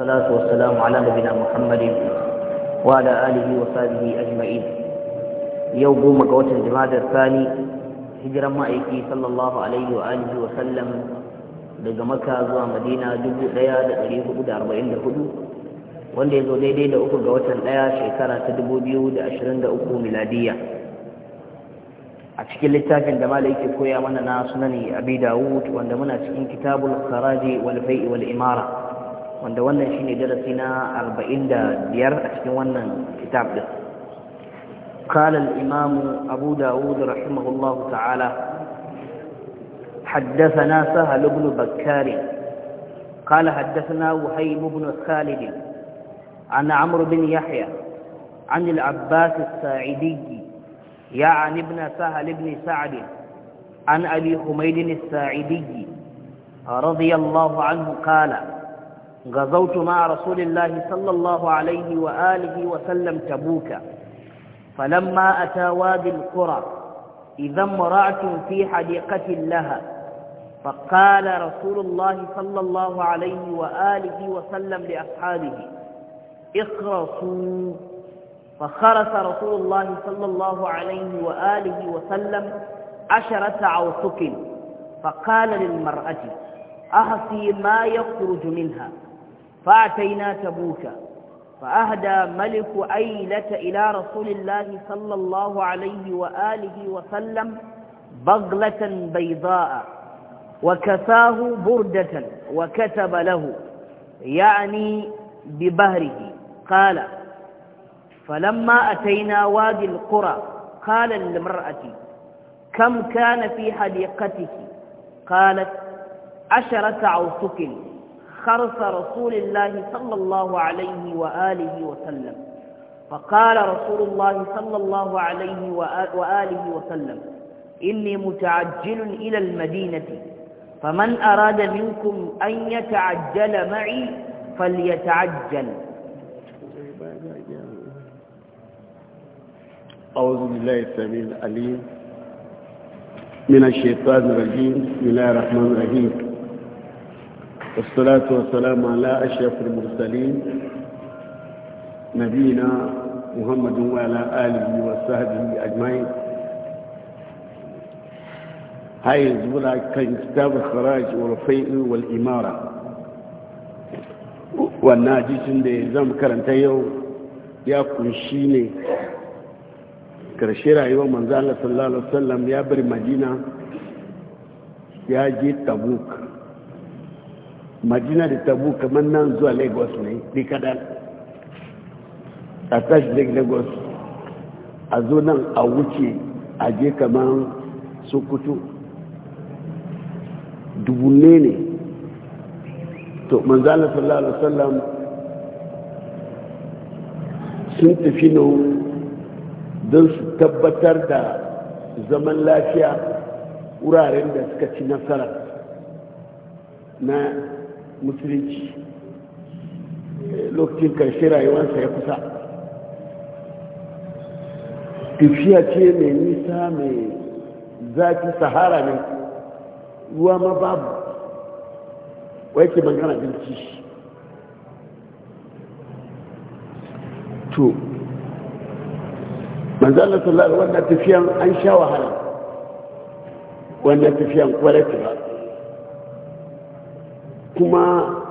والصلاة والسلام على نبينا محمد وعلى آله وصحبه أجمعين يوم مقوة الجماد الثاني هجرة مائكي صلى الله عليه وآله وسلم daga maka zuwa madina dubu ɗaya da ɗari hudu da arba'in da hudu wanda ya zo daidai da uku ga watan ɗaya shekara ta dubu biyu da ashirin da uku miladiyya a cikin littafin da malai ke koya mana na sunani abi dawud wanda muna cikin kitabul kharaji wal fai'i wal imara wanda wannan shine darasi na 45 a cikin wannan kitab din قال الإمام أبو داود رحمه الله تعالى حدثنا سهل بن بكار قال حدثنا وهيب بن خالد عن عمرو بن يحيى عن العباس الساعدي يعني ابن سهل بن سعد عن أبي حميد الساعدي رضي الله عنه قال غزوت مع رسول الله صلى الله عليه وآله وسلم تبوك فلما أتى وادي القرى إذا امرأة في حديقة لها فقال رسول الله صلى الله عليه وآله وسلم لأصحابه اخرصوا فخرس رسول الله صلى الله عليه وآله وسلم عشرة عوسك فقال للمرأة أحصي ما يخرج منها فأتينا تبوك فأهدى ملك أيلة إلى رسول الله صلى الله عليه وآله وسلم بغلة بيضاء وكساه بردة وكتب له يعني ببهره قال فلما أتينا وادي القرى قال للمرأة كم كان في حديقتك قالت عشرة عوسك خرص رسول الله صلى الله عليه وآله وسلم فقال رسول الله صلى الله عليه وآله وسلم إني متعجل إلى المدينة فمن أراد منكم أن يتعجل معي فليتعجل أعوذ بالله السميع العليم من الشيطان الرجيم بسم الله الرحمن الرحيم والصلاة والسلام على أشرف المرسلين نبينا محمد وعلى آله وصحبه أجمعين هاي الزبرة كان كتاب الخراج والرفيع والإمارة والناجس دي زم كرنتا يو يا كنشيني كرشيرا يوم من زال صلى الله عليه وسلم يا بر مدينة يا جيت تبوك madina da tabu kamar nan zuwa lagos ne ɗi kadan a tashi lagos a zo nan a wuce a je kamar sokoto dubu ne to manzana sallallahu alaihi wasallam sun tafi nan don su tabbatar da zaman lafiya wuraren da suka ci nasara na musulunci lokacin karshe rayuwarsa ya kusa tafiya ce mai nisa mai zafi sahara ne ruwa ma babu wai ke magana binci to manzana sallar wannan tafiyan an sha wahala wannan tafiyan kwarai kuma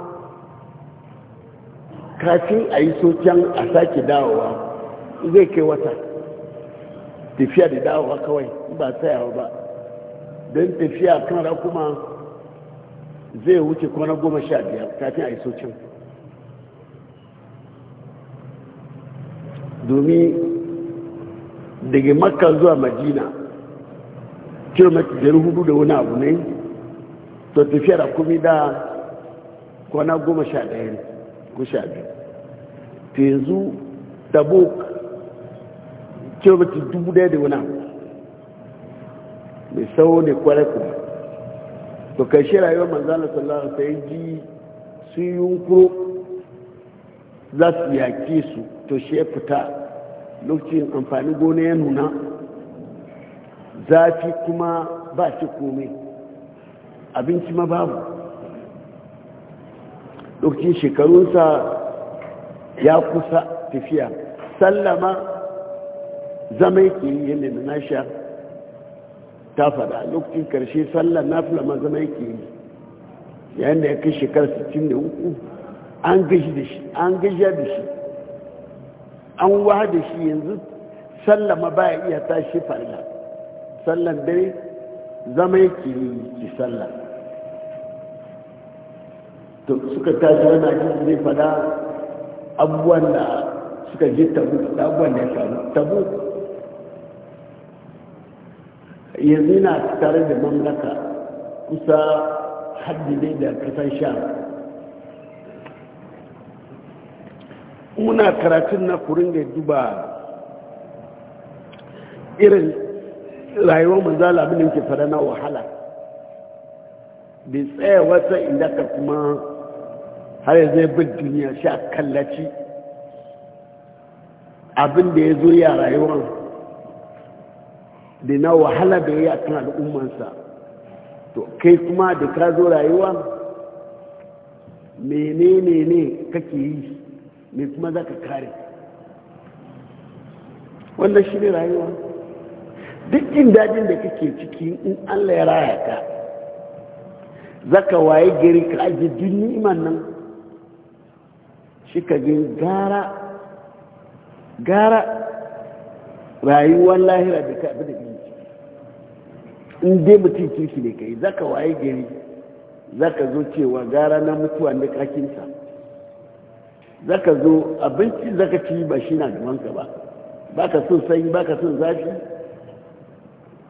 kafin a yi socan a sake dawowa zai kai wata tafiya da dawowa kawai ba tsayawa ba don tafiya kan kuma zai wuce kwanar goma sha biyar kafin a yi socan domin daga makka zuwa majina kilomita 400 da wani abu ne to tafiya da kuma da kwana goma sha daya ne ko sha biyu ta yanzu tabuk kilomita dubu ɗaya da wani mai tsawo ne kwarai kuma to karshe rayuwar manzana sallallahu yi ji sun yunkuro za su yaƙe su to shi ya fita lokacin amfani gona ya nuna zafi kuma ba shi komai abinci ma babu lokacin shekarunsa ya kusa tafiya sallama zama yake yi yadda na nasha ta fada lokacin karshe sallar na fulama zama yake yi yayin da ya kai shekarar 63 an gaji da shi an gaji da shi an waha da shi yanzu sallama ba ya iya tashi farla sallan dare zama yake yi ki sallar to suka tashi wani hadisi zai fada abubuwan da suka ji tabu da abubuwan da ya faru tabu yanzu yana tare da mamlaka kusa haddi da kasar sha muna karatun na kurin da duba irin rayuwar manzala abin da ke fara na wahala bai tsaya wata inda ka kuma har zai bin duniya shi a kallaci abin da ya zo ya rayuwar da na wahala da ya yi a kan al'ummansa to kai kuma da ka zo rayuwa menene ne kake yi me kuma za ka kare wannan shi ne rayuwa duk jin dajin da kake ciki in allah ya raya ka zaka waye gari ka aji duk nan shi ka gani gara gara rayuwar lahira da ka da kirki in dai mutum kirki ne kai zaka waye gari zaka zo cewa gara na mutuwa da kakinsa zaka zo abinci zaka ci ba shi na gabanka ba baka son sanyi baka son zafi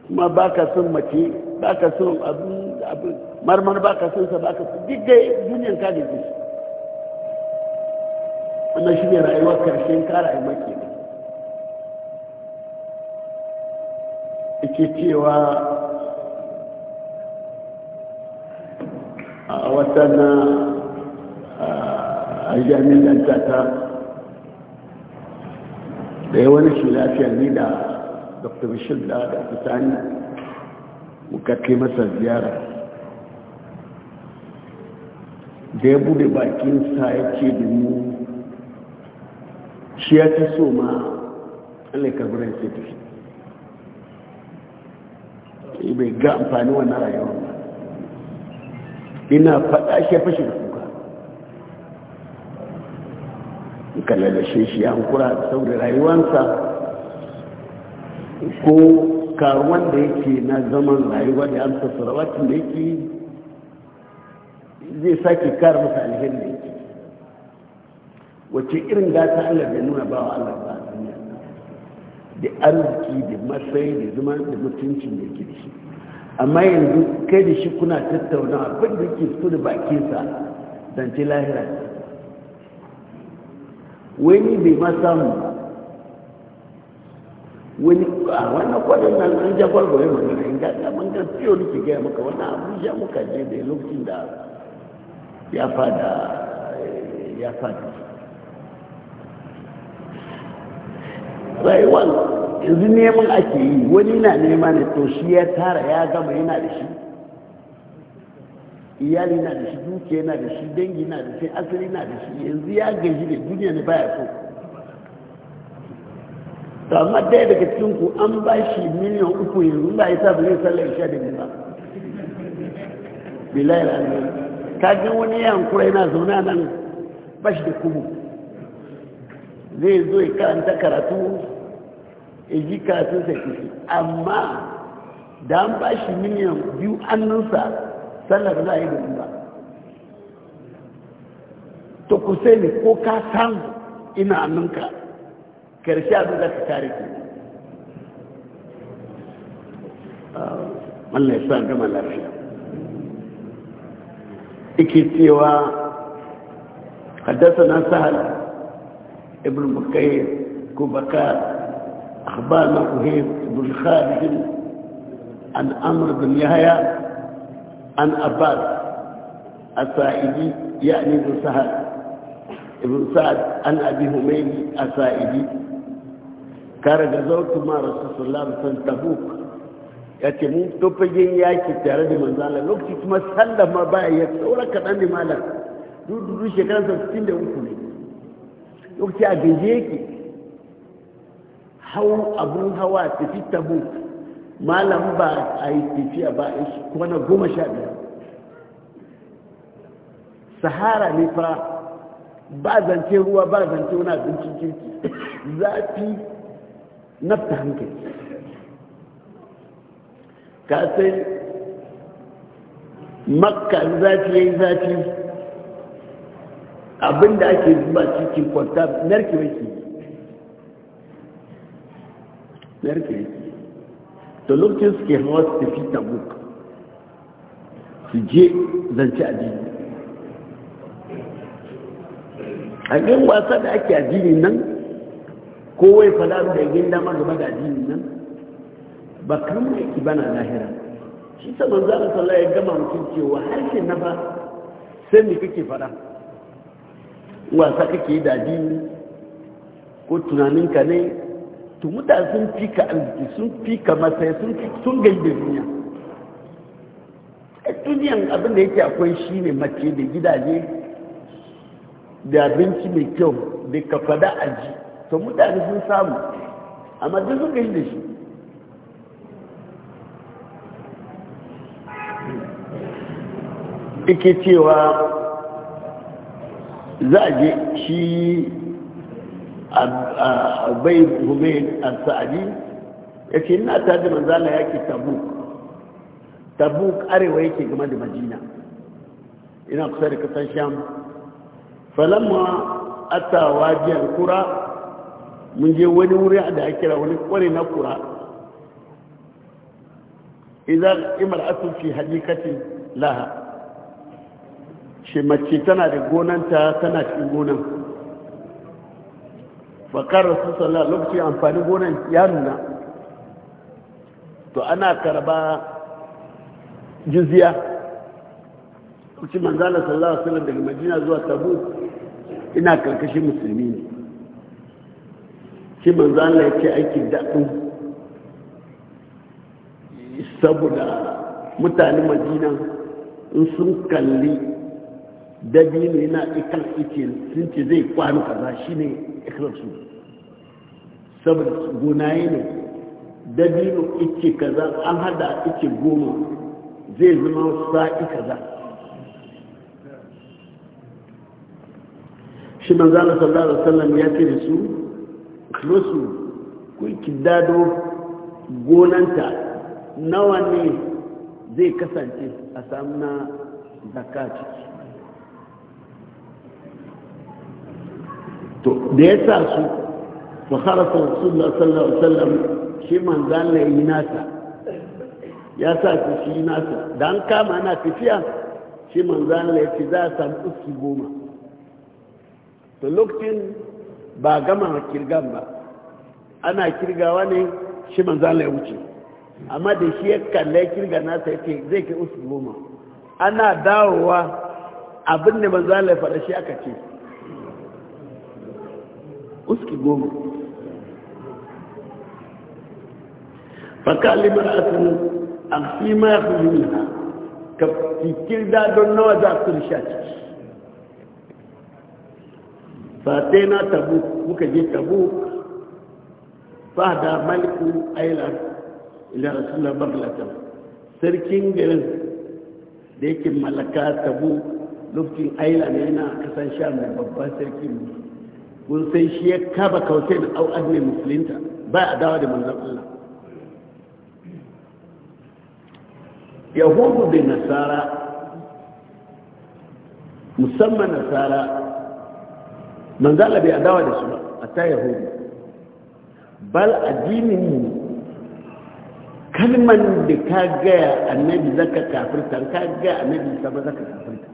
kuma baka son mace baka son abin marmar baka son sa baka son duk dai duniyar ka da shi wannan shi ne rayuwar karshen kara a maki ike cewa a na a jami'in ta da ya shi lafiya ne da dr bishir da da fitani muka kai masa ziyara da ya bude bakin sa ya ce da mu shi ya fi so ma allai sai tafi yi bai ga amfani wannan rayuwar ba ina faɗa shi ya fashe da kuka ka lalashe shi ya hankura saboda rayuwansa ko karuwan da yake na zaman rayuwa da amsa sarawatin da yake zai sake kara masa alheri da yake wace irin gata Allah bai nuna ba wa Allah ba duniya da arziki da matsayi da zama da mutuncin da ke shi amma yanzu kai da shi kuna tattaunawa abin da ke su da bakinsa zance lahira wani bai ma samu wani a wannan kwanan nan an ja gwalgwale mana in gata man ga fiyo nake gaya maka wannan abuja muka je da lokacin da ya fada ya fada rayuwar yanzu neman ake yi wani na nema ne to shi ya tara ya gama yana da shi iyali na da shi duke na da shi dangi na da shi asali na da shi yanzu ya gaji da duniya ne baya so to amma daya daga cikin ku an ba shi miliyan uku yanzu ba yasa sa zai sallar isha da ba bilayar an ka ga wani yankura yana zaune nan ba shi da kubu zai zo ya karanta karatu ya ji karatun sa kifi amma da an ba shi miliyan biyu annunsa sallar za a yi domin ba to ku sai ne ko ka san ina annunka karshe abin za ka kare ku wannan ya san gama lafiya ike cewa haddasa na sahara. ابن بكير كوبكار اخبار وهيب بن خالد عن أمر بن يحيى عن أباد السائدي يعني بن سهل ابن سعد عن أبي هميل السائدي كان غزوت مع رسول الله صلى الله عليه وسلم تبوك yace mun tofagin yaki tare da manzala lokaci kuma sallah ma ba ya tsora kaɗan ne malam dudu shekaransa 63 ne yauki a gaje yake hau abun hawa tafi tabo malam ba a yi tafiya ba a kuma na goma sha biyar sahara ne fa ba zance ruwa ba zance wani abincin kirki zafi nafta hankali ka sai makka zafi ya yi zafi abinda ake zuba cikin kwanta narki wake narki wake to lokacin suke hawa su tafi tabuk su je zance addini a gan wasa da ake addini nan kowai fada da yin dama gaba da addini nan ba ya ki bana lahira shi saman zara sallah ya gama mutum cewa harshen na ba sai mu kake fada wasa kake da addini ko tunaninka ne to mutane sun fi ka arziki sun fi ka masai sun sun gaibe duniya a duniyan abin da yake akwai shi ne mace da gidaje da abinci mai kyau da ka fada aji to mutane sun samu amma duk sun gaibe da shi ike cewa za a je shi bai hume al-sa'adi ya ce ina ta da manzala yaki tabuk tabuk arewa yake game da madina ina kusa da kasar sham falamma atawa jiyar kura mun je wani wuri da ake kira wani kware na kura idan imar asufi hadikatin laha shi mace tana da gonanta tana cikin gonan bakar rasu sallah lokacin amfani gonan ya nuna to ana karba jiziya kuci manzana sallah wasallam daga majina zuwa tabu ina karkashin musulmi ne shi manzana ya ce aikin daɗin saboda mutane majina in sun kalli dabino yana ikan ike sun ce zai kwano kaza shi ne ikirarsu saboda gonaye ne dabino ike kaza an hada ike goma zai zama sa'i kaza shi manzana sallallahu alaihi wasallam ya ce da su ikirarsu ki dado gonanta nawa ne zai kasance a samuna zakaci ciki to da ya sa su fa kharafa sallallahu alaihi wasallam shi manzo Allah yi nasa ya sa su shi nasa dan kama ana tafiya shi man zan ya ce za a samu uski goma to lokacin ba gama kirgan ba ana kirgawa ne shi man zan ya wuce amma da shi ya kalla kirga nasa ya ce zai kai uski goma ana dawowa abin da manzo Allah ya faɗa shi aka ce uski goma faka limar asin a fi ma ya fi yi ka fikir da don nawa za su risha ciki fatai na tabu muka je tabu da maliku ailar ila rasulullah barlatan sarkin garin da yake malaka tabu lokacin aila yana kasan sha mai babban sarki ne kun san shi ya kaba kautai da au ahli musulunta ba a dawa da manzon Allah yahudu da nasara musamman nasara manzala bai dawo da su ba a ta yahudu bal addinin kalman da ka gaya annabi zaka kafirta ka gaya annabi saba zaka kafirta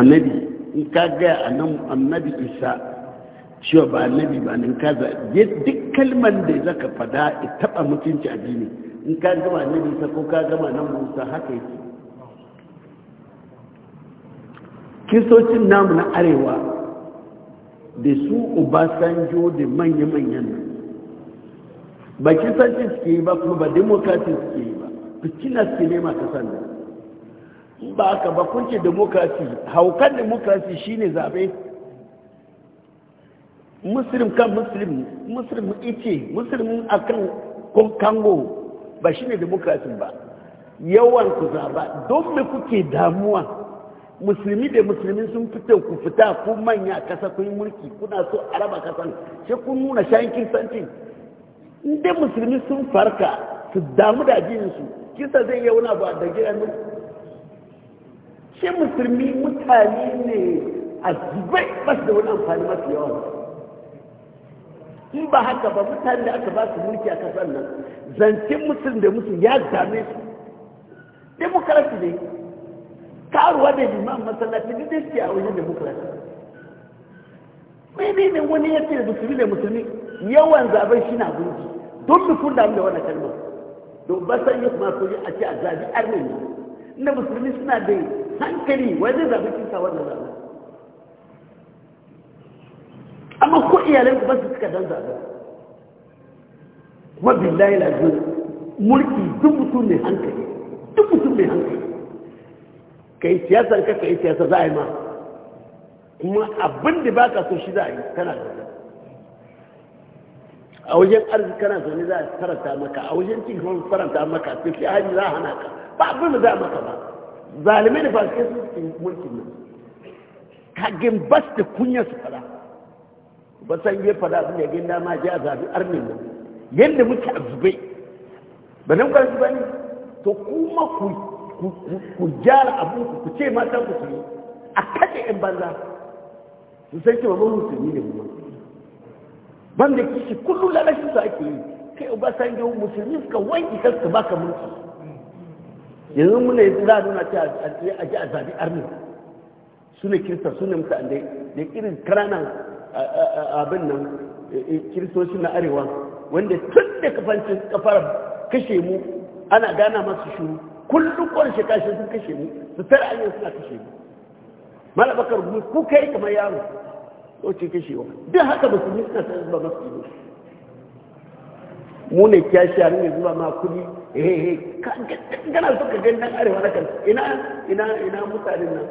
annabi in ka gaya a nan annabi isa cewa ba annabi ba nan ka za duk kalman da za ka fada a taɓa mutunci jini in ka gama annabi isa ko ka gama nan musa haka yake kiristocin namu na arewa da su obasanjo da manya-manyan nan ba kisancin suke yi ba kuma ba demokratin suke yi ba fikina suke nema kasan nan in ba haka ba kun ce demokrasi haukan demokrasi shine zabe muslim kan muslim muslim ice muslim akan kongo ba shine demokrasi ba yawan ku zaba don me kuke damuwa musulmi da musulmi sun fita ku fita ku manya kasa kun mulki kuna so a raba kasan sai kun nuna shayin kirsanci in musulmi sun farka su damu da su kisa zai yi wani abu a da gidan shi musulmi mutane ne a zubai basu da wani amfani masu yawa in ba haka ba mutane da aka ba su mulki a kasar nan zancen mutum da musu ya dame su demokarasi ne karuwa da liman masallaci duk da suke a wajen demokarasi mai ne wani ya ce musulmi da musulmi yawan zaben shi na gunki don mu kun damu da wani kalmar don ba san yi kuma soji a ce a zabi armenia inda musulmi suna da hankali wajen zaɓi kinsa wannan zaɓi amma ko iyalai ku ba su suka dan zaɓi kuma billahi zo, mulki duk mutum mai hankali duk mutum mai hankali ka yi siyasar ka ka yi siyasa za a yi ma kuma abin da ba ka so shi za a yi kana da a wajen arziki kana zaune za a faranta maka a wajen cin faranta maka fi hajji za a hana ka ba abin da za a masa ba zalimai da fasikai sun suke mulkin nan kagin bas da kunya su fada ba san yi fada abin da gina dama ji a zabi arnin nan yadda muke a zube ba nan kwanci ba ne to kuma ku gyara abin ku ce mata ku su yi a kace yan banza su san cewa ba musulmi ne kuma ban da kishi kullum lalashin su ake yi kai ba ubasanjo musulmi suka wanki kansu baka mulki yanzu muna ne za a nuna ce a ji a zaɓi arni su ne kirista su ne mutu da ya irin karanan abin nan e, e, kiristoci na arewa wanda tun da kafancin kafar kashe mu ana gana masu shuru kullum kwan shekashe sun kashe mu su tara anyan suna kashe mu malabakar mu ku kai kamar yaro ɗauce wa duk haka ba su yi suna sanar ba masu yi mu ne kyashi a ne zuwa ma kudi eh kana so ka gani nan arewa na kan ina ina ina mutanen nan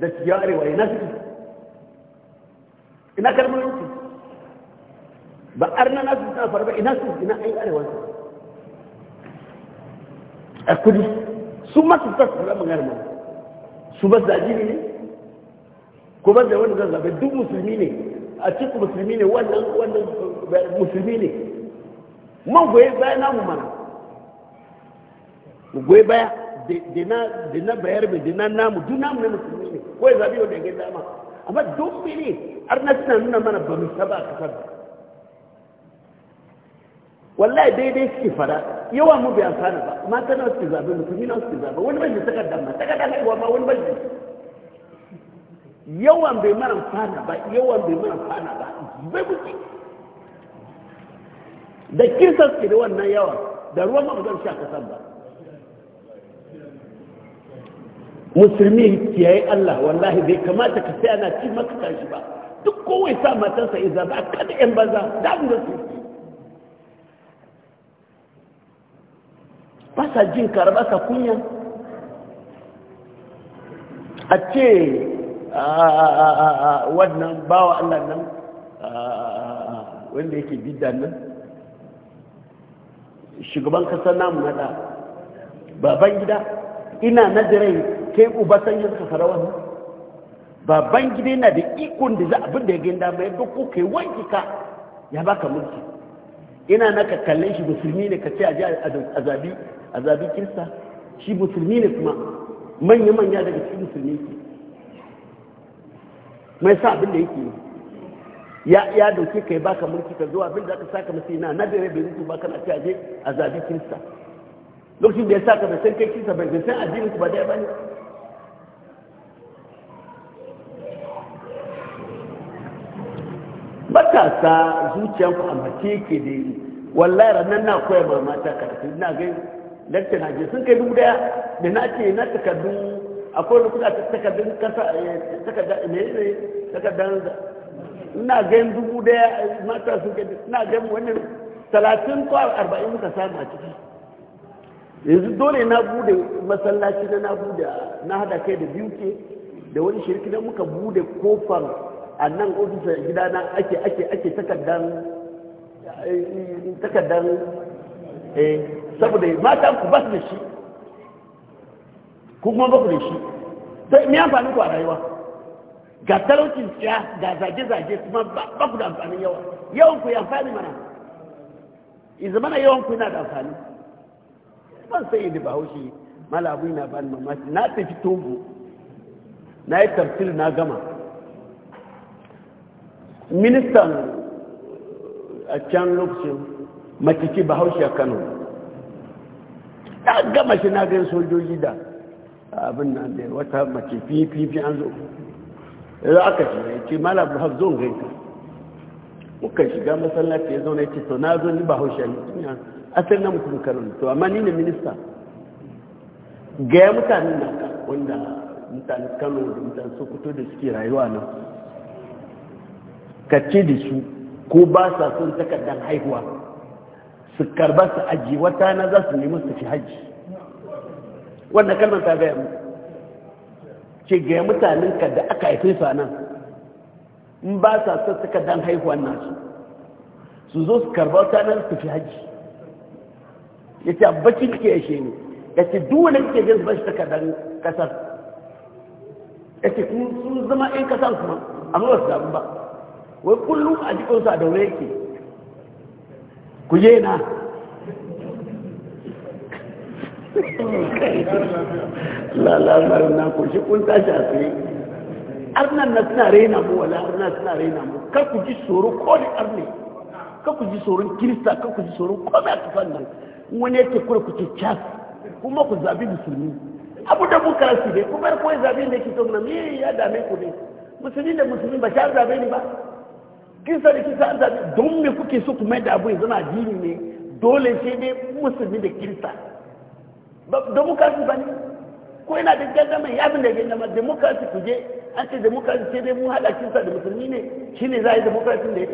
da ciya arewa ina suke ina kalmar yanki ba arna na su suna farba ina su ina ai arewa su a kudi su masu sassa su zama garma su ba zaji ne ko ba da wani zazzabe duk musulmi ne a cikin musulmi ne wannan wannan musulmi ne man goye bayan namu mana mu goyi baya da na bayar mai da na namu duk namu na musulmi ne ko ya zaɓi wanda ya gaida dama amma don mene har na suna nuna mana ba mu saba a kasar wallahi daidai suke fara yawa mu bai amfana ba mata na suke zaɓe musulmi na suke zaɓe wani bai da takardar ma takardar haihuwa ma wani bai yawan bai mara amfana ba yawan bai mara amfana ba bai mutu da kirsa suke da wannan yawa da ruwan mabudan shi a kasar ba musulmi ya yi Allah wallahi bai kamata ka sai ana ci maka tashi ba duk kowai sa matarsa iza ba kada yan banza damu da su ba sa jin karba sa kunya a ce wannan bawa Allah nan wanda yake bidda nan shugaban kasar namu nada baban gida ina najirai kai uba san yanzu ka fara wannan baban gida na da ikon da za abin da ya ginda mai duk kai wanki ka ya baka mulki ina na ka kalle shi musulmi ne ka ce a ji azabi azabi kirista shi musulmi ne kuma manya manya daga cikin musulmi ke mai sa abin da yake ya ya dauke kai baka mulki ka zuwa abin da ka saka masa ina na da rabe ba kana ce a zabi azabi kirista lokacin da ya sa ka da san kai kisa bai san addinin ku ba dai bane matasa zuciyar ku a mace ke da wallahi ranar na koya ma mata karatu na ga lakta na je sun kai dubu daya da na ce na takardun akwai wani kuɗa ta takardun kasa eh, takardun ne ne takardun ina gain dubu daya mata sun kai na gain wannan talatin ko arba'in muka samu a ciki yanzu dole na bude masallaci na bude na hada kai da biyu ke da wani shirki na muka bude kofar a nan ofisar gida na ake ake ake takardar eh, takardan eh saboda mata ku ba su da shi kuma ba ku da shi sai me amfani ku a rayuwa ga talaucin tsiya ga zage-zage kuma ba ku da amfanin yawa yawan ku ya amfani mana izamana yawan ku yana da amfani ban sai da bahaushe malabu na ban mamaki na tafi tobo na yi tafsir na gama ministan a can lokacin matiki bahaushe a kano ya gama shi na gan sojoji da abin nan da wata mace fifi an zo yanzu aka ce ya ce malabu haf zo gaita muka shiga masallaci ya zaune ce to na zo ni bahaushe ne asali na mutum karin to amma ni ne minista gaya mutane na wanda mutane kano da mutane sokoto da suke rayuwa nan kacce da su ko ba sa son takardar haihuwa su karba su aji wata na za su nemi su fi haji wanda kalmar ta gaya mu ce gaya mutanen ka da aka haife su nan in ba sa son takardar haihuwa nasu su zo su karba wata na su fi haji ya ce bacci ya shi ne ya ce duk ke jin jin ka takardar kasar ya ce sun zama 'yan kasar kuma a ba su damu ba wai kullum a jikinsu a daure yake ku je na lalabar na ku shi kun tashi a tsaye arnan na suna raina mu wala arnan suna raina mu kar ku ji tsoro ko arne kar ku ji tsoron kirista kar ku ji tsoron kome a tufan nan wani yake kura ku ce cas kuma ku zabi musulmi abu da muka rasu dai kuma yar kawai zabi ne ke to na me ya dame ku ne musulmi da musulmi ba sha zabe ne ba kisa da kisa an zabe don me kuke so ku mai da abu ya zama addini ne dole ce ne musulmi da kirista don muka rasu ba ne ko yana da gaggama ya bin da gaggama demokrasi ku je an ce demokrasi ce dai mu hada kinsa da musulmi ne ne za a yi demokrasin da ya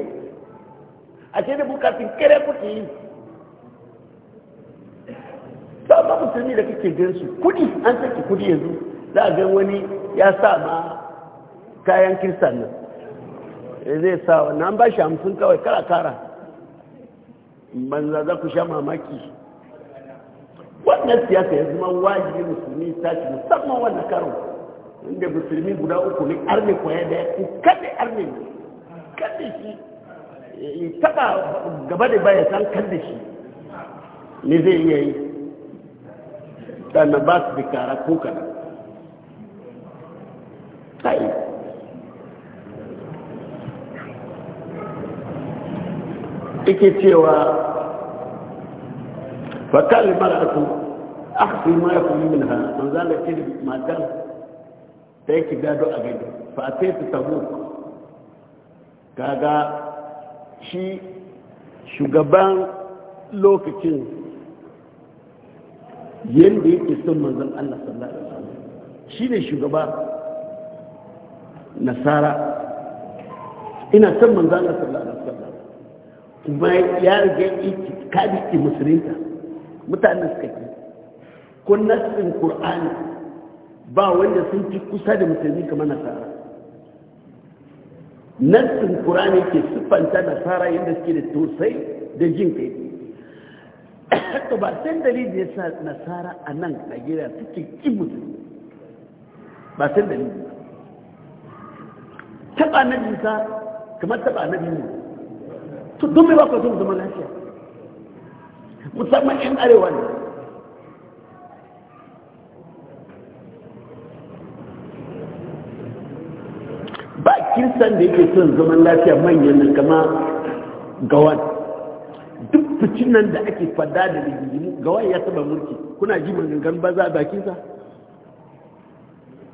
a ce demokrasin kere kuke yi ba ba musulmi da kake gan su kudi an saki kudi yanzu za a gan wani ya sa ma kayan kirsan nan eh, zai sa wannan ba shi hamsin kawai kara kara banza za ku sha mamaki wannan siyasa ya zama wajibi musulmi ta ci musamman wannan karo inda musulmi guda uku ne arne kwaya ya ku kaɗe arne ne kaɗe shi eh, taɓa gaba da baya san kaɗe shi ne zai iya yi sannan ba su da ko kana kai ike cewa fakal mar'atu akhfi ma yakun minha man zala kidi matar ta yake gado a gani fa ataitu tabuk kaga shi shugaban lokacin yadda yake son manzan Allah sallallahu alaihi wasallam ne shugaba nasara ina son manzan Allah sallallahu alaihi wasallam kuma ya riga yake kadi ki musulinta mutanen suka ke kun nasin qur'ani ba wanda sun fi kusa da musulmi kamar nasara nassin ƙur'ani ke siffanta nasara yadda suke da tosai da jin kai to ba san dalili ya sa nasara a nan a gida suke kibutu ba san dalili ba taɓa na jinsa kamar taɓa na biyu to don mai ba ku zo zama lafiya musamman yan arewa ne ba kirsan da yake son zaman lafiya manyan kama gawan duk nan da ake fada da rigimu ga waye ya taba mulki kuna ji ba baza a sa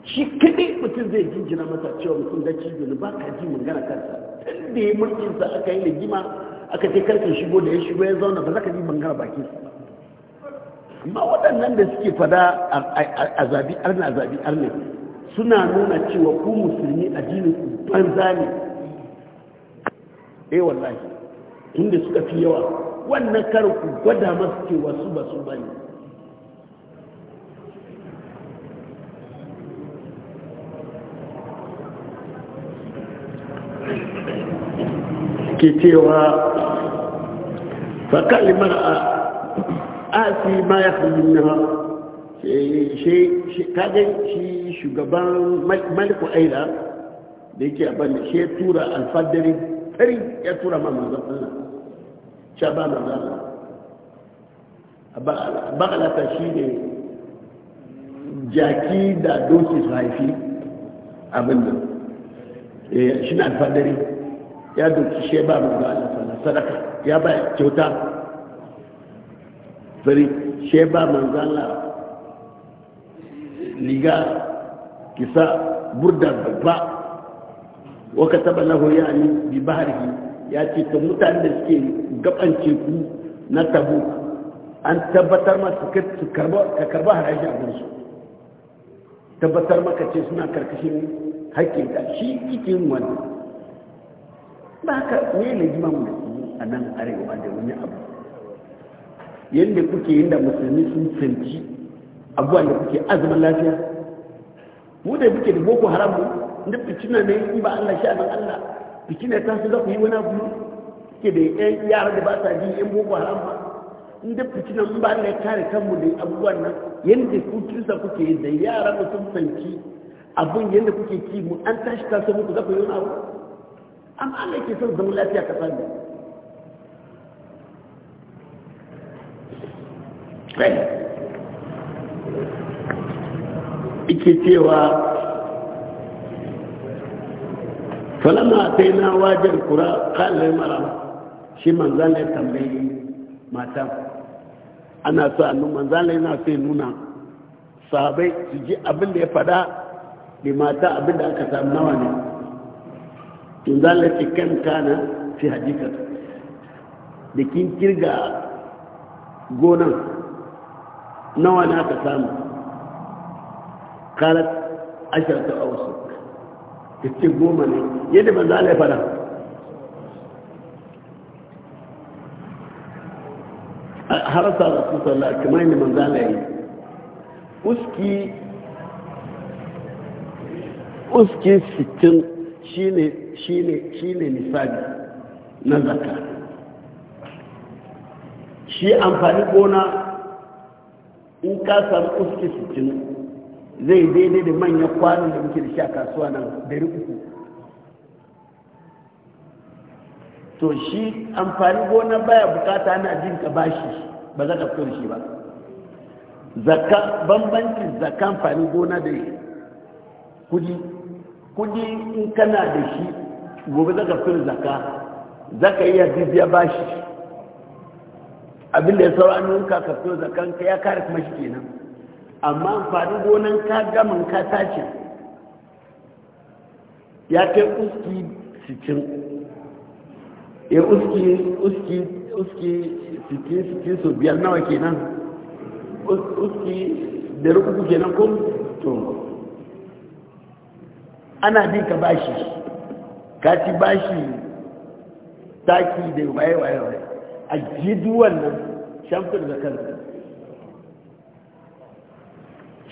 shi kaɗai mutum zai jinjina masa cewa mutum da cibiyar ba ka ji magana kansa inda da ya sa aka yi rigima aka ce karfe shigo da ya shigo ya zauna ba za ka ji magana sa amma waɗannan da suke fada a zabi arna zabi arna suna nuna cewa ku musulmi addinin ku banza ne eh wallahi inda suka fi yawa wannan karku gwada masu cewa su ba bane ke cewa fakalimar a asi ma ya fi nuna kagan shi shugaban maliku aida da yake abin shi ya tura alfadari tari ya tura ma zafin nan sha ba manzo Allah bakalata shi ne jaki da doki su haifi abin nan eh, shi na alfadari ya doki shi ba manzo Allah sadaka ya ba kyauta fari shi ba manzo liga kisa burda babba wa kataba lahu yani bi bahrihi ya ce ta mutane da suke gaban ku na tabu an tabbatar masu ka karba haraji a su tabbatar maka ce suna karkashin haƙƙin ka shi ikin wani ba ka ne na jima mu a nan arewa da wani abu yadda kuke yin da musulmi sun canci abuwa da kuke azumin lafiya mu da kuke da boko haram mu da fitina ne in ba allah sha'anin allah fitina ta su za ku yi wani abu ke da yan yara da ba sa ji yan boko haram ba in da fitina in ba Allah ya kare kanmu da abubuwan nan yadda ku kirsa kuke da yara ba sun fanci abun yadda kuke ki mu an tashi taso muku za ku yi wani abu amma Allah ke son zama lafiya ka sani ike cewa falama sai na wajen kura kalai mara shi manzan ya tambayi matan ana sa annu manzan yana sai nuna sahabai su ji abin da ya fada da mata abin da aka samu nawa ne tun zala ce kan kana fi hajjikar da kin kirga gonan nawa na aka samu karat ashar ta ausu ya goma ne yadda manzo a ya fada harasa su sallah kamar yadda manzo za a yi uski uski sittin shine shine shine nisabi na zakka shi amfani gona in ka samu uski sittin zai daidai da manyan kwanon da muke da shi a kasuwa nan dari uku to shi amfani gona baya bukata na jin ka bashi ba za ka fito da shi ba zakka bambancin zakka amfani gona da kudi kudi in kana da shi gobe za ka fito da zakka za ka iya bibiya bashi abinda ya saura an ka fito zakkan ka ya kare kuma shi kenan amma amfanin gonan ka gamin ka tace ya kai uski cikin ya eh, uski uski uski cikin cikin su biyar nawa kenan uski da rukuku kenan ko to ana bi ka bashi ka ci bashi taki da waye waye waye a jiduwan nan shamfir da kanta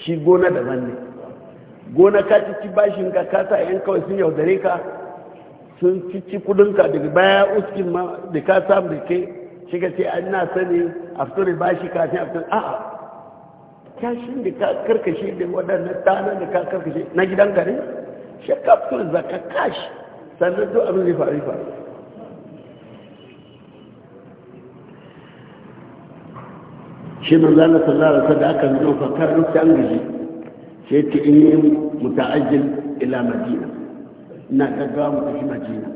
shi gona daban ne gona ka ci bashin ka sa yan kawai sun yaudare ka sun ci kudinka daga baya uskin ma da ka samu da ke shi ka ce an ah, na sani aftori bashi a a a'a kyashin da ka karkashe da waɗannan tanan da ka karkashe na gidan gari shi ka aftori zaka kashi sannan duk abin zai faru faru shi manzo Allah sallallahu ta da aka nuna fakar rufe an gaji sai ta in yi muta'ajjil ila madina ina gaggawa mu tafi madina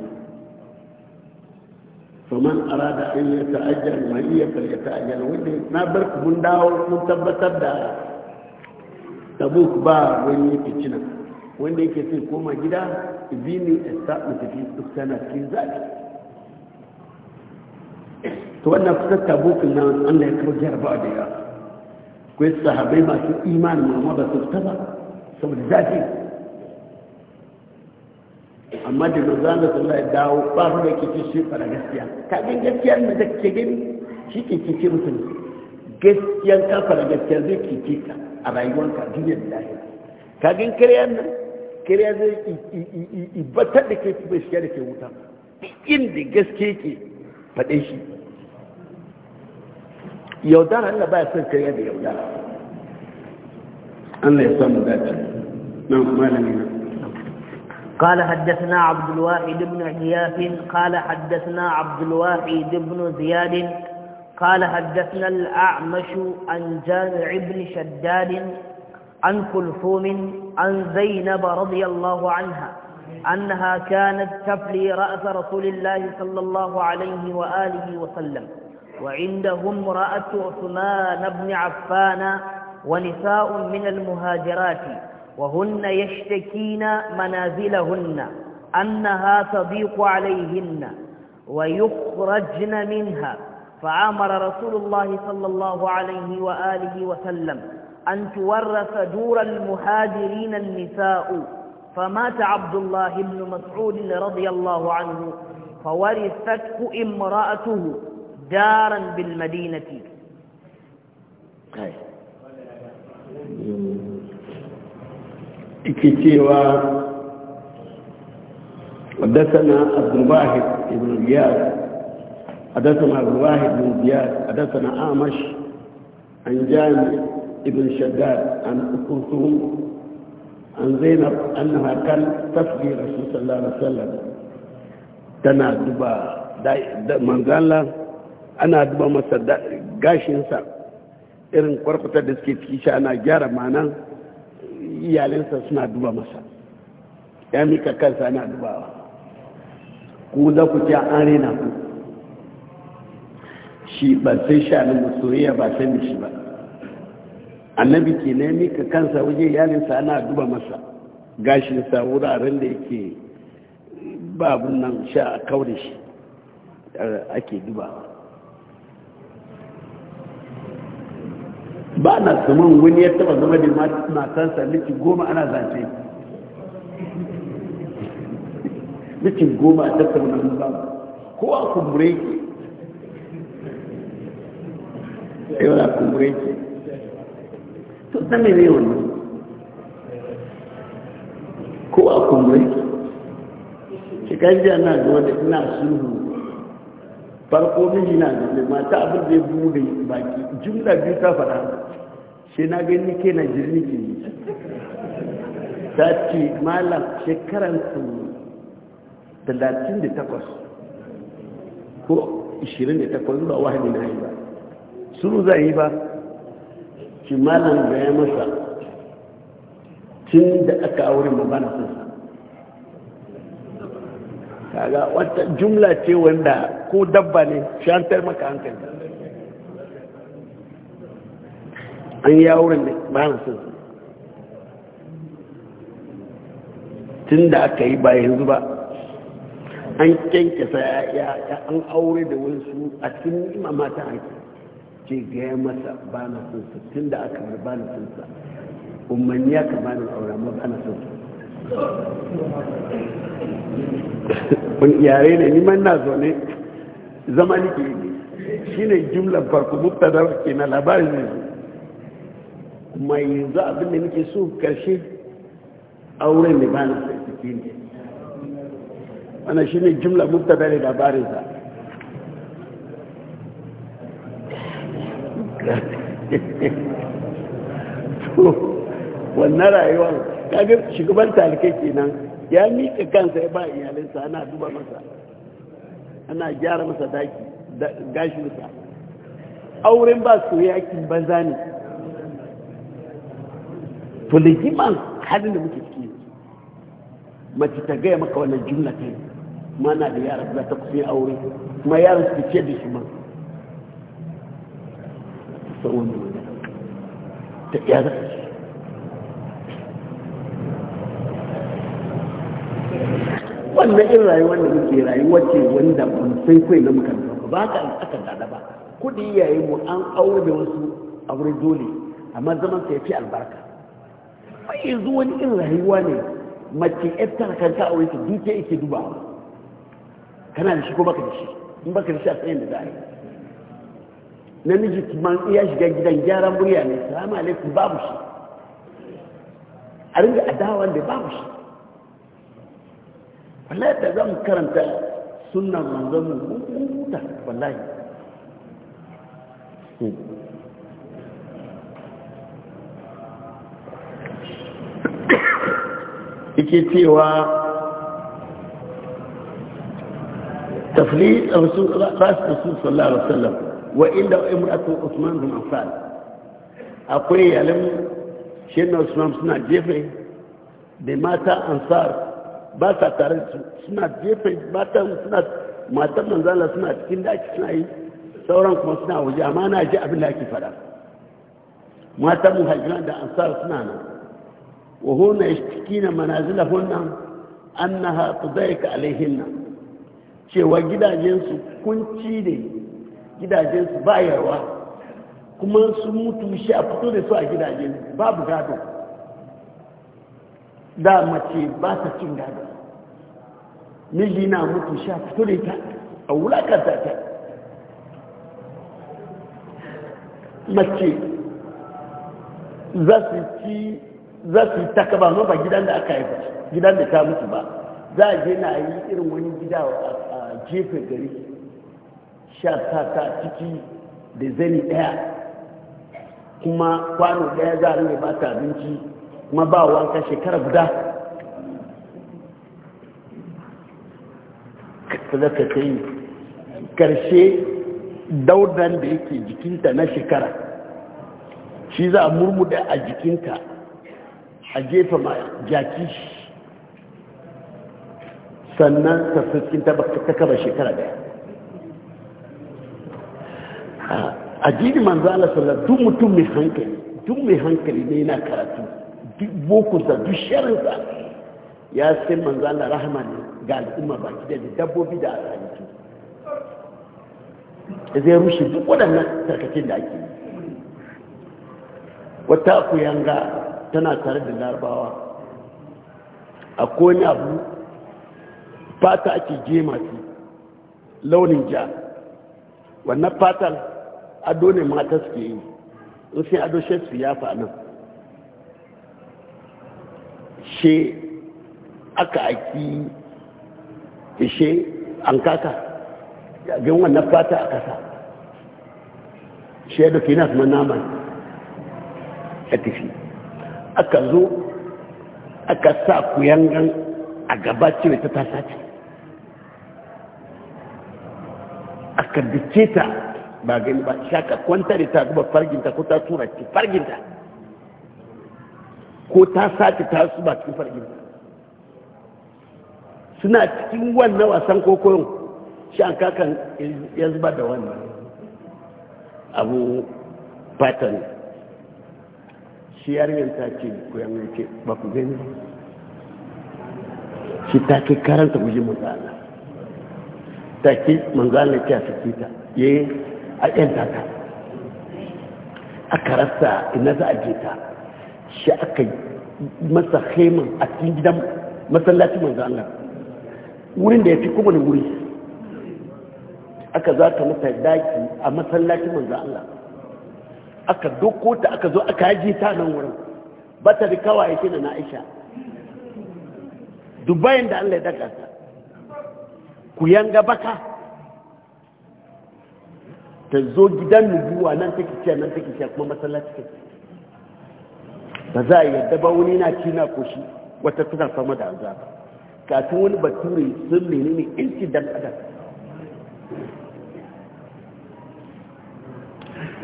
man arada in ya ta'ajjal ma iya kar ya ta'ajjal wanda na bar ku mun dawo mun tabbatar da tabuk ba wani cinan wanda yake sai koma gida izini esta tafi duk sana cikin zaki to wannan fitar tabokin nan allah ya kawo jaraba da yawa akwai sahabai masu imanin amma ba su fita ba saboda zafi amma da manzana sallah ya dawo ba su da kike shi fara gaskiya ka gan gaskiya da kake gani shi ke kike mutum gaskiyan ka fara gaskiya zai kike ka a ka duniyar da lahira ka gan kiryan nan kirya zai ibatar da ke bai shiga da ke wuta inda gaskiya ke faɗe shi yaudara Allah ba ya son kariya da yaudara Allah ya samu dace nan malami na قال حدثنا عبد الواحد بن عياف قال حدثنا عبد الواحد بن زياد قال حدثنا الأعمش عن جامع بن شداد عن كلثوم عن زينب رضي الله عنها أنها كانت تفلي رأس رسول الله صلى الله عليه وآله وسلم وعندهم رأت عثمان بن عفان ونساء من المهاجرات وهن يشتكين منازلهن أنها تضيق عليهن ويخرجن منها فأمر رسول الله صلى الله عليه وآله وسلم أن تورث دور المهاجرين النساء فمات عبد الله بن مسعود رضي الله عنه فورثته امرأته دارا بالمدينة كتيوا حدثنا عبد الواحد بن زياد حدثنا عبد الواحد بن زياد حدثنا اعمش عن جامع بن شداد عن كلثوم عن زينب أنها كانت تفدي رسول صلى الله عليه وسلم تنا دبا من قال أنا دبا مسا irin kwarkwata da suke ciki shi ana gyara mana iyalinsa suna duba masa ya mika kansa ana dubawa ku za ku ci an rena ku shi ba sai sha'anin masoyiya ba sai ba annabi ke nemi ka kansa waje iyalinsa ana duba masa gashinsa wuraren da yake babun nan sha a kaure shi ake duba ba na saman wani ya taba zama da matansa miki goma ana zance miki goma a tattauna ba a kumbure ke yau kumbure ke to na mai mai wannan ko a kumure shekaru jiya na zuwa da ina sulhu farko miji na zuwa mata abin da ya bude baki jumla biyu ta fara sai na gani ke na jirni ke ta ce malam shekaran su 38 ko 28 zuwa wahayi na yi ba suru za yi ba shi malam da ya masa tun da aka aure mabanatinsa kaga wata jumla ce wanda ko dabba ne shantar maka hankali an yi auren da mabanatinsa tun da aka yi ba yanzu ba an sa ya an aure da wani su a cikin mamata hankali ce gaya masa ba na son sa tun da aka bar ba na son sa umarni ya ka ba na aure amma ba na son sa yare ne ni man na ne zama nike ne shi ne jumlar farko da ke na labarin ne kuma yanzu abin da nake so karshe auren ne ba na son sa ne wannan shi ne jumlar da labarin sa wannan rayuwar kagin shugaban talikai kenan ya mika kansa ya ba iyalinsa ana duba masa ana gyara masa daki gashinsa auren ba su yakin banza ne tuligiman hadin da muke ciki mace ta gaya maka wannan jumla ta mana da yara za ta kusa aure kuma yaran su ce da shi ma ta omi ta ƙyar wannan in rayuwa da muke rayuwa ce wanda ban sai kai na muka ba ka aka dada ba kudi yayin mu an aure da wasu aure dole amma zaman sai fi albarka bai yanzu wani in rayuwa ne mace yar tarakanta aure ta duke yake dubawa kana da shi ko baka da shi in baka da shi a tsayin da za a yi namiji kuma iya shiga gidan gyaran murya ne salamu alaikum babu shi a ringa adawan da babu shi wallahi da zan karanta sunan manzon mu huta wallahi hmm. yake cewa tafli rasul sallallahu alaihi wasallam wa inda imratu usman bin affan akwai yalan shehu usman suna jefe da mata ansar ba ta tare suna jefe mata suna matan manzala suna cikin daki suna yi sauran kuma suna waje amma na ji abin da ake fada mata muhajiran da ansar suna nan wa hunna yashtikina hunna annaha tudayka alaihinna cewa gidajen su kunci ne gidajensu ba yarwa kuma su mutu shi a fito da su a gidajen babu gado da mace ba ta cin gado miji na mutu shi a fito da ita a wulakanta ta mace za su ci za su yi takaba ma ba gidan da aka haifar gidan da ta mutu ba za a je na yi irin wani gida a jefe gari sha ta ciki da zani ɗaya kuma kwano ɗaya za a ba ta abinci kuma ba wanka shekara guda ka ta yi karshe daudan da yake jikinta na shekara shi za a murmuda a jikinta a jefa ma jaki sannan ta fuskinta ta shekara daya addini manzo Allah sallallahu duk mutum mai hankali duk mai hankali ne yana karatu duk boko da duk sharinsa ya san manzo Allah rahman ne ga al'umma baki da dabbobi da asali zai rushe duk wadannan tarkacin da ake yi wata kuyanga tana tare da larabawa a kone abu fata ake jema su launin ja wannan fatan ado ne mata suke yi in sai ado shi su ya fa nan she aka aki ishe an kaka yagin wannan fata a kasa shi da kina kuma naman ya tafi aka zo aka sa kuyangan a gaba cewa ta tasa ce aka dace ta ba gani ba shaka kwanta da ta zuba farginta ko ta tura ci farginta ko ta sace ta zuba ba cikin farginta suna cikin wannan wasan kokoyon shi an kakan ya zuba da wannan abu pattern shi yarinyar ta ce ku yamma ce ba ku gani shi ta kai karanta guji manzana ta ke manzana ce a ya yi a yanta ta aka rasa ina za a je ta shi aka masa haiman a cikin gidan masallacin manzo Allah wurin da ya fi kuma da wuri aka za ka mata daki a masallacin manzo Allah aka doko ta aka zo aka yaje ta nan wurin ba ta da kawai shi da na Aisha dubayin da Allah ya daga ta ku yanga baka ta zo gidan nubuwa nan take ciya nan take ciya kuma masallaci take ba za a yadda ba wani na cina ko shi wata tana sama da azaba kafin wani bature sun nemi ne inci dan adam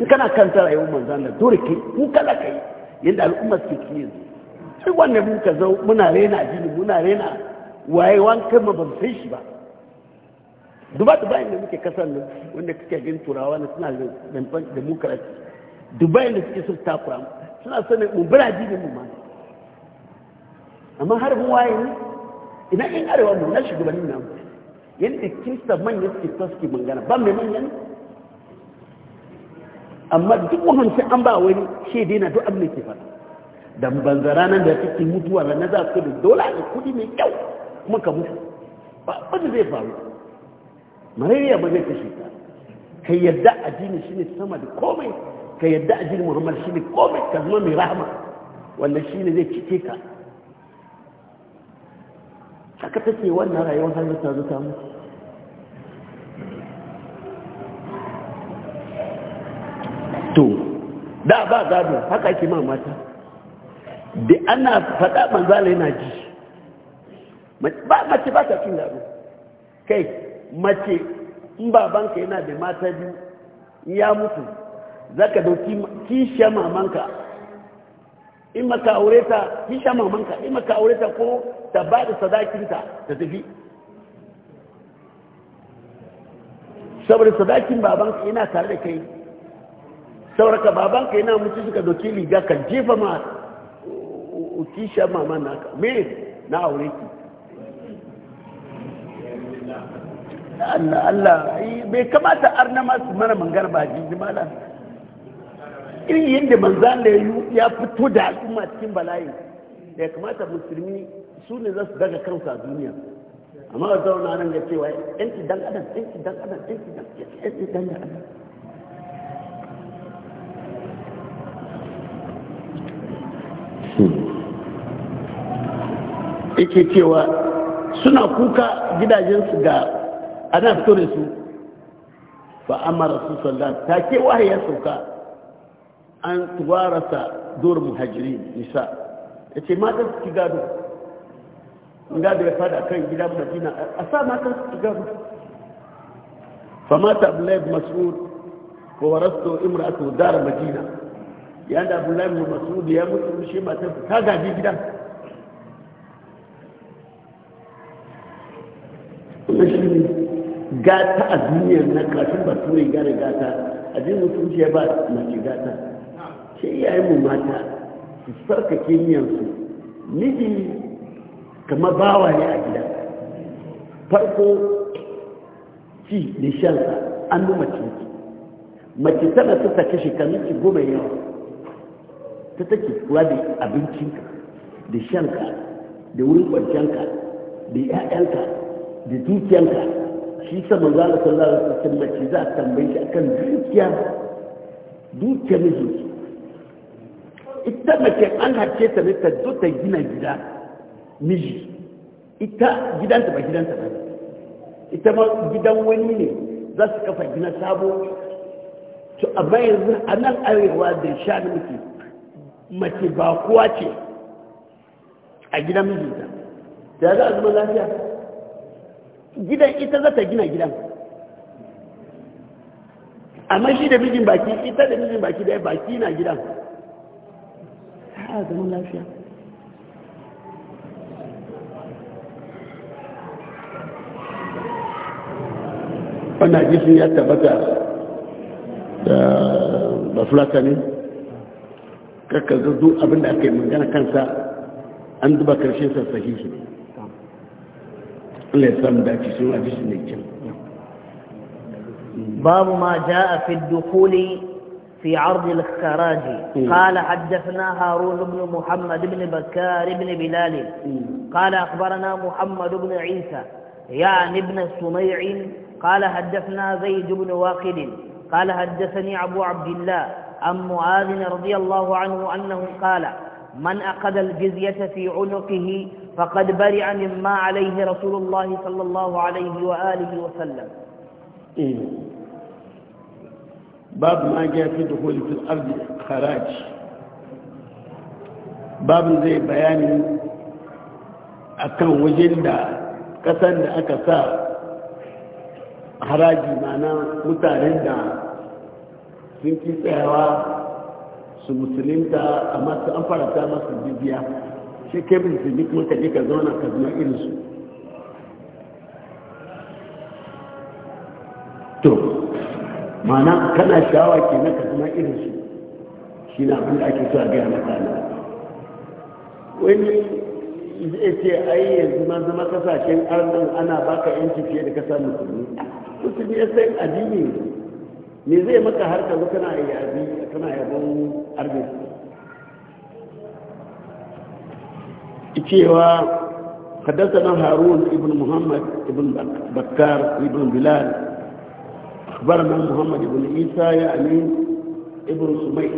in kana kanta rayuwar manzan da dole ke ku kala kai yadda al'ummar ke ki yanzu sai wannan muka zo muna rena jini muna rena waye wanka ma ban sai shi ba dubai da muke kasar nan wanda kake jin turawa na suna da demokrasi dubai da suke sun takura suna sanin mu biraji ne mu ma amma har mu waye ne ina yin arewa mu na shugabannin nan yadda kirista manya suke taske mangana ba mai manya ne amma duk wahansu an ba wani shaidai na duk abin da ke faɗa dan Banzara nan da kake mutuwa na za ka da dola da kuɗi mai kyau kuma ka mutu ba abin zai faru marariya ba zai kashe ka ka yadda addini shine sama da komai ka yadda addini muhammad shine komai ka zama mai rahama wannan shine zai cike ka haka take wannan rayuwar hanyar ta zuta mu to da ba gado haka ake ma mata da ana faɗa manzala yana ji ba mace ba ta cin gado kai mace in babanka yana da mata biyu ya mutu za ka dauki kishiya mamanka in maka aure ta kishiya mamanka in maka aure ta ko ta ba da sadakinta ta tafi saboda sadakin babanka yana tare da kai sauraka babanka yana mutu suka dauki liga kan jefa ma kishiya maman naka me na aure ki na Allah bai kamata arna masu mana mangar ba jiji mala irin yadda manzan da ya fito da al'umma cikin bala'i da kamata musulmi su ne za su daga kansu a duniya amma a zauna nan ga cewa yanki dan adam yanki dan adam yanki dan yanki dan adam hmm. yake cewa suna kuka gidajensu ga ana fito da su fa amara su sallan ke wahayi ya sauka an tubarasa dur muhajiri nisa ya ce matan su ci gado gado ya fada kan gida madina a sa matan su ci gado fa mata abdullahi mas'ud ko warasto imratu dar madina yanda abdullahi mas'ud ya mutu shi matan ta gaji gidan kuma shi gata a duniyar na kafin ba turai gane gata a jin mutunci ya ba mace gata ce iyayen mu mata su sarkake miyansu miji kama bawa ne a gida farko ci da shansa an nuna mace mace tana ta sake shekarunci goma yawa ta take kula da abincinka da shanka da wurin kwanciyanka da 'ya'yanka da dukiyanka shi sa manzo Allah sallallahu alaihi wasallam mace za a tambayi shi akan dukiya dukiya miji ita mace an harce ta ne ta zo ta gina gida miji ita gidanta ba gidanta ba ita ma gidan wani ne za su kafa gina sabo to amma yanzu a nan arewa da sha na muke mace ba kowa ce a gidan mijinta da za a zama lafiya gidan ita za ta gina gidan amma shi da mijin baki ita da mijin baki da baki na gidan ha zama lafiya wanda hadisin ya tabbata da bafulata ne kakka zazzu abinda aka yi mangana kansa an duba karshen sa shi ne باب ما جاء في الدخول في عرض الخراج قال حدثنا هارون بن محمد بن بكار بن بلال قال أخبرنا محمد بن عيسى يعني ابن سميع قال حدثنا زيد بن واقد قال حدثني أبو عبد الله عن معاذ رضي الله عنه أنه قال من أخذ الجزية في عنقه فقد برع مما عليه رسول الله صلى الله عليه وآله وسلم إيه. باب ما جاء في دخول في الأرض خراج باب زي بيان أكن وجن دا كسن دا أكسا خراج mana mutanen da sun ki tsayawa su musulunta shi kebin su duk muka je ka zauna ka zama irin su to mana kana shawa ke na ka zama irin su shi na abin da ake so a gaya na na wani zai ce ai yanzu ma zama kasashen arnan ana baka yanci fiye da kasa musulmi musulmi ya san adini ne zai maka harkar ka na kana yabi kana yabon arziki cewa haddasa harun ibn muhammad ibn bakar ibn bilal akbarna muhammad ibn isa ya amin ibn sumai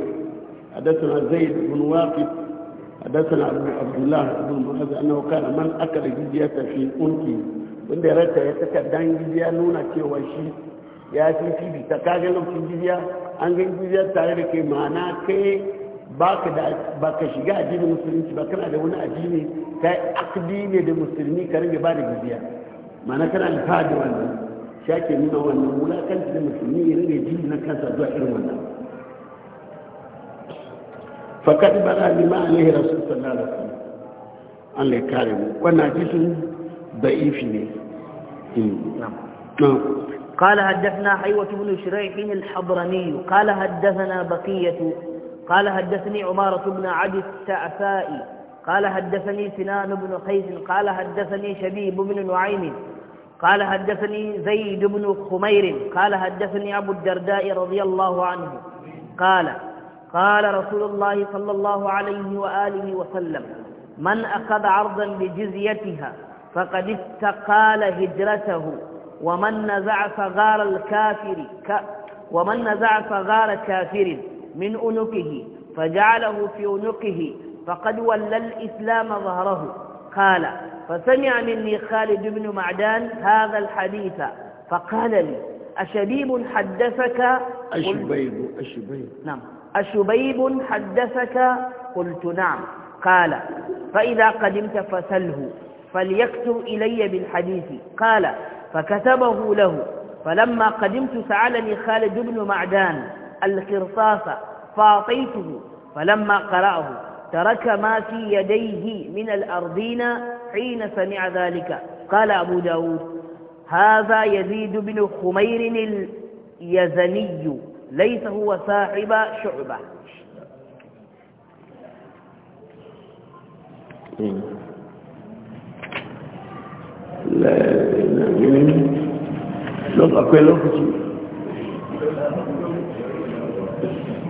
haddasa zaid ibn waqif haddasa abu abdullah ibn muhammad annahu kana man akala jizya ta fi ulki wanda ya rata ya saka dan jizya nuna cewa shi ya fi fi ta kaga lokacin jizya an ga jizya tare da kai ma'ana kai ba ka shiga addinin musulunci ba kana da wani addini ka yi akdi ne da musulmi ka ringa ba da giziya mana kana alfa da wannan shake nuna wannan wulakanci da musulmi ya ringa ji na kansa zuwa irin wannan fakat ba za a nima a lahi rasu sallallahu alaihi wasallam an lai kare mu wannan hadisin da'ifi ne قال حدثنا حيوة بن شريح الحضرمي قال حدثنا بقية قال حدثني عمارة بن عبد السعفائي قال حدثني سنان بن قيس قال حدثني شبيب بن نعيم قال حدثني زيد بن خمير قال حدثني أبو الدرداء رضي الله عنه قال قال رسول الله صلى الله عليه وآله وسلم من أخذ عرضا بجزيتها فقد استقال هجرته ومن نزع فغار الكافر ك ومن نزع فغار كافر من أنكه فجعله في أنكه فقد ولى الإسلام ظهره قال فسمع مني خالد بن معدان هذا الحديث فقال لي أشبيب حدثك أشبيب أشبيب نعم أشبيب حدثك قلت نعم قال فإذا قدمت فسله فليكتب إلي بالحديث قال فكتبه له فلما قدمت سألني خالد بن معدان الخرصاص فاطيته فلما قرأه ترك ما في يديه من الأرضين حين سمع ذلك قال أبو داود هذا يزيد بن خمير اليزني ليس هو صاحب شعبة لا لا لا لا لا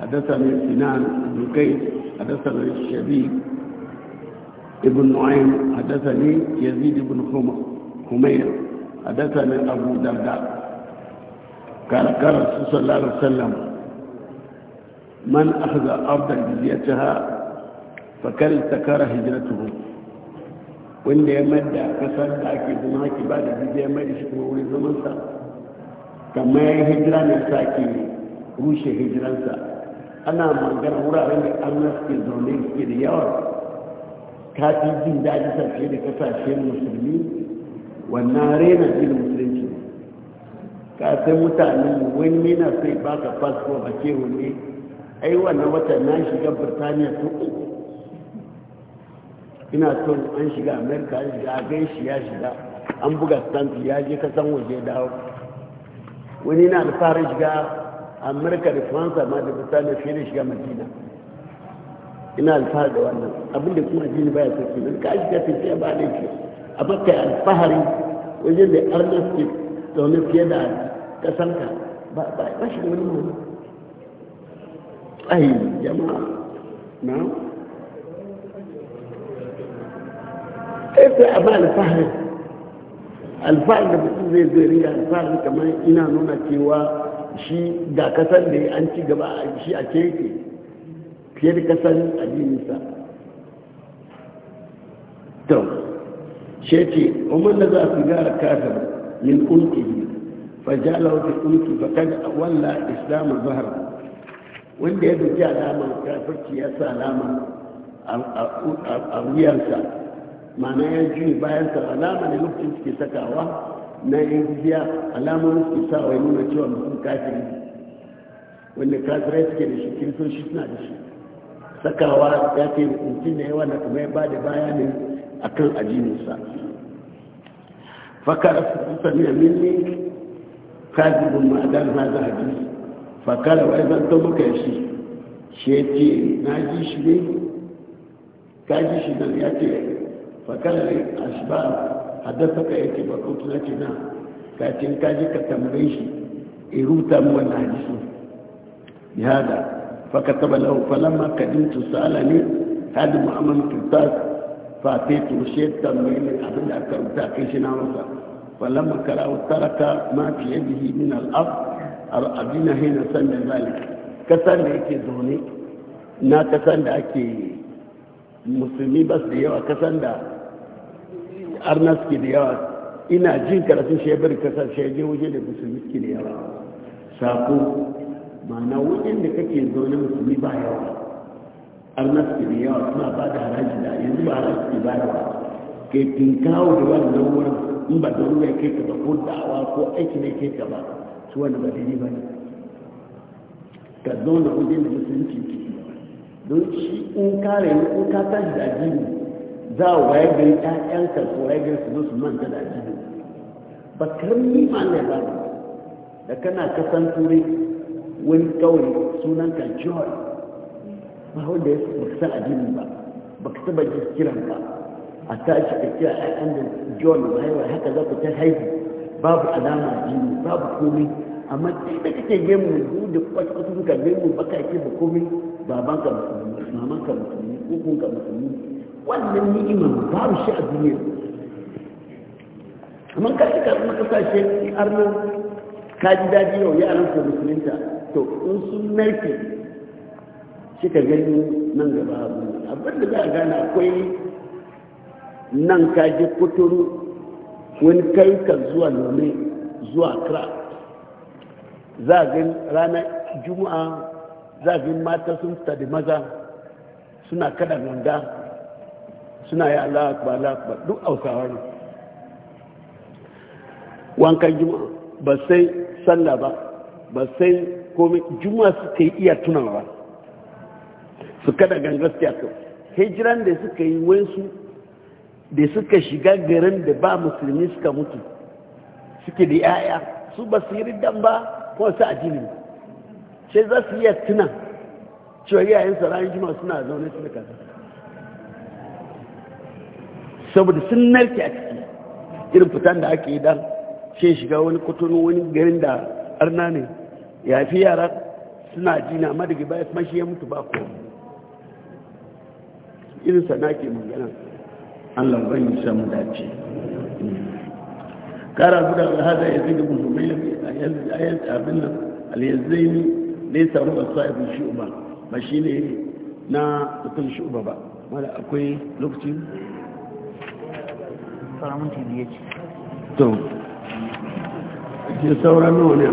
حدثني سنان بن كيس حدثني الشبيب ابن نعيم حدثني يزيد بن حمير حدثني أبو درداء قال قال الرسول صلى الله عليه وسلم من أخذ أرضا جزيتها فكل تكره هجرته وإن يمد كسر داكي da بعد جزية ما يشكو da jizya mai shi kuma wurin ana magana wuraren da allah suke zaune suke da yawa ka fi jin daji sarfe da kasashen musulmi wannan rena jin musulunci ka sai mutanen wani yana sai baka fasfo a ce wani ai wannan wata na shiga birtaniya ko ina son an shiga amerika an shiga agai shi ya shiga an buga stamp ya je kasan waje dawo wani na alfarin shiga amurka da faransa ma da bisani fiye da shiga madina ina alfahar da wannan abin da kuma jini baya sauki don ka shiga tafiya ba da ke a baka alfahari wajen da arna suke zaune fiye da kasanka ba shi da wani mana ai jama'a na sai a ba alfahari alfahari da mutum zai zai ringa alfahari kamar ina nuna cewa shi ga kasar da an ci gaba a shi a keke fiye da kasar addininsa to shi ce umar da za su gara kafin min ulkihi fajala wata ulki fa kada walla islamu zahar wanda ya duki alama kafirci ya sa alama a wuyansa ma'ana ya juyi bayansa alama ne lokacin suke sakawa na yin biya alamomin su sa wai nuna cewa mutum kafiri wanda kafirai suke da shi kiristoci suna da shi sakawa ya ce mutum da yawa na kuma ya ba da bayanin akan ajininsa fakar su sami amin ne kazibin ma'adar haza hadis fakar wai zanto muka shi shi ya ce na ji shi ne ji shi nan ya ce fakar a shi ba haddasaka ya ce kautu wuce ce na kacin kaji ka tambaye shi ya rubuta mu wannan hadisu ya haɗa faka taba lau lahu falamma kadintu sa'alani hadu mu'amman tutas fa sai tambaye ne abin da aka rubuta kai shi na masa falamma karawu taraka ma fi yadihi min al-ab na san sanda zalik kasar da yake zaune na kasan da ake musulmi ba su da yawa kasan da arna suke da yawa ina jin karatun shebir bari kasar shege waje da musulmi ke da yawa sako ma'ana wajen da kake zaune musulmi ba yawa arna suke da yawa suna ba da haraji da yanzu ba haraji suke ba yawa ke tinkawo da wannan wurin in ba da ruwa ke ta ba ko da'awa ko aiki ne ke ta ba su wani ba daidai ba ne ka zaune wajen da musulunci don shi in kare in ka tashi da addini za a waye gari ƴaƴanka su waye gari su zo su manta da addini ba karni ma ne ba da kana kasan turai wani kawai sunan ka joy ba wanda ya baka san addini ba Ba ka taba ji kiran ba a ta ci ka kira ƴaƴan da john haiwa haka za ku ta haihu babu alama addini babu komai amma kai da kake gemu duk da kwata-kwata suka gemu baka yake ba komai babanka musulmi mamanka musulmi kukunka musulmi wannan ba babu shi a duniya amma ka shiga kuma kasashe arnan ka ji daji yau ya alamta musulunta to in sun narke shi ka gani nan gaba abu abin da za a gane akwai nan ka ji kuturu wani kai ka zuwa nome zuwa kra za a gani ranar juma'a za a gani mata sun fita maza suna kada ganga suna yi Allah akbar Allah akbar duk aukawa ne wankan juma'a ba sai sallah ba ba sai komai juma'a suka yi iya tunawa su kada gangaskiya a hijiran da suka yi wensu da suka shiga garin da ba musulmi suka mutu suke da yaya su ba su yi riddan ba ko su ajini sai za su iya tuna cewa yayin sa juma'a suna zaune su da kasa saboda sun narke a ciki irin fitan da ake dan ce shiga wani kutun wani garin da arna ne ya fi yara suna jina amma daga baya kuma shi ya mutu ba ko irin sa ke magana an ban yi samu dace kara guda da hada ya zai da musulmai a yanzu abin nan aliyazzaini ne samu a sa'ibin shi'uba ba shi ne na mutum shi'uba ba wanda akwai lokacin saura ne a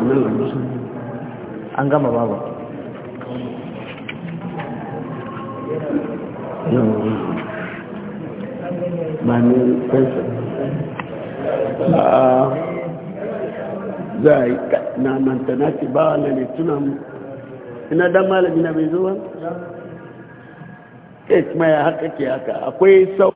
an gama babu ne a na mantana ce ba ne tuna mu ina dan malami na zuwa? kuma ya haka ke haka akwai sau